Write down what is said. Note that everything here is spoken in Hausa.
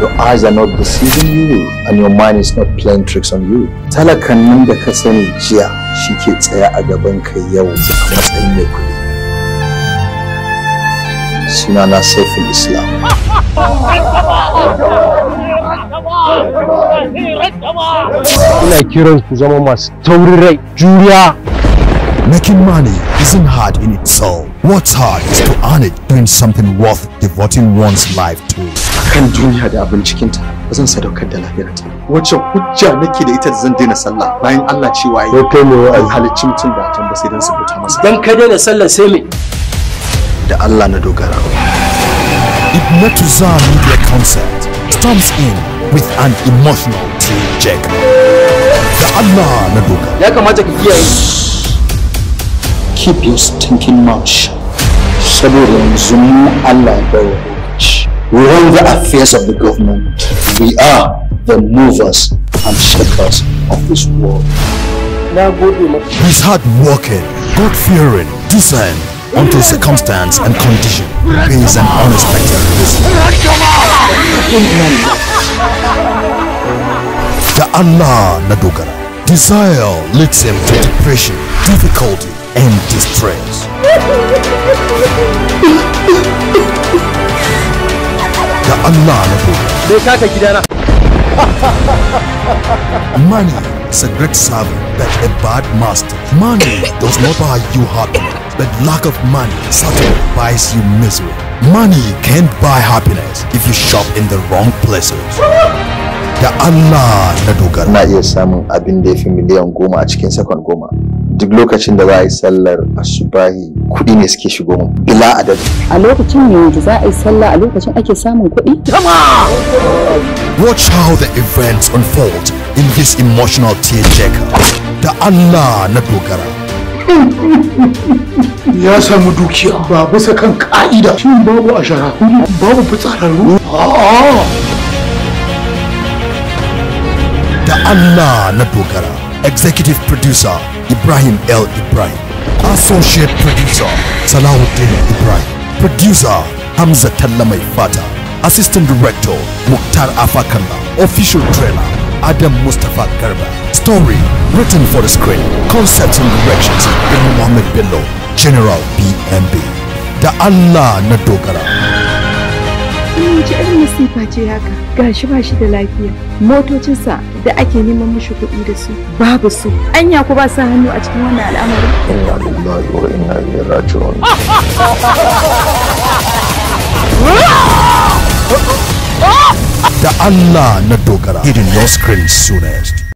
Your eyes are not deceiving you and your mind is not playing tricks on you. Talakan nan da ka sani jiya shi ke tsaya a gaban kai yau a matsayin mai kuɗi. Sunana Saifin Islam. Ina kiran ku zama masu taurin rai, juriya. Making money isn't hard in itself. What's hard is to earn it doing something worth devoting one's life to. kan duniya da abin cikinta ba zan sadaukar da lafiyarta wacce hujja nake da ita da zan daina sallah bayan Allah cewa ya kai ne wa'azi halicci mutum da can ba sai dan sabuta masa dan ka daina sallah sai me da Allah na dogara Hypnotiza Media Concept comes in with an emotional tear da Allah na dogara ya kamata ka kiyaye keep your stinking mouth saboda yanzu Allah ya bayyana We run the affairs of the government. We are the movers and shakers of this world. He's hardworking, God-fearing, discerned unto circumstance and condition He is an unexpected visit. The Allah Nadogara desire leads him to depression, difficulty, and distress. Allah na ko. Bai kaka gidana. Money is a great servant that a bad master. Money does not buy you happiness, but lack of money certainly buys you misery. Money can't buy happiness if you shop in the wrong places. Da Allah na dogara. Na iya samun abin da ya fi miliyan goma a cikin sakon goma. duk lokacin da za a yi sallar asubahi kuɗi ne suke shigo mu ila adadi a lokacin ne da za a yi sallah a lokacin ake samun kuɗi watch how the events unfold in this emotional tearjerker da Allah na dogara ya samu dukiya ba bisa kan ka'ida shin babu a shara babu fitsararru da Allah na dogara executive producer Ibrahim L. Ibrahim. Associate Producer Salahuddin Ibrahim. Producer Hamza Talla Mai Fata. Assistant Director Mukhtar Afakalla. Official Trailer Adam Mustafa Garba. Story written for the screen. Concepts and directions by Muhammad Bello. General BMB. Da Allah na dogara. Wani wace irin masifa ce haka? Gashi ba shi da lafiya. Motocinsa da ake neman mashi kuɗi da su babu su. Anya ko ba sa hannu a cikin wannan al'amarin? Inna lillahi wa inna ilaihi raji'un. Da Allah na dogara. Hidden your screen soonest.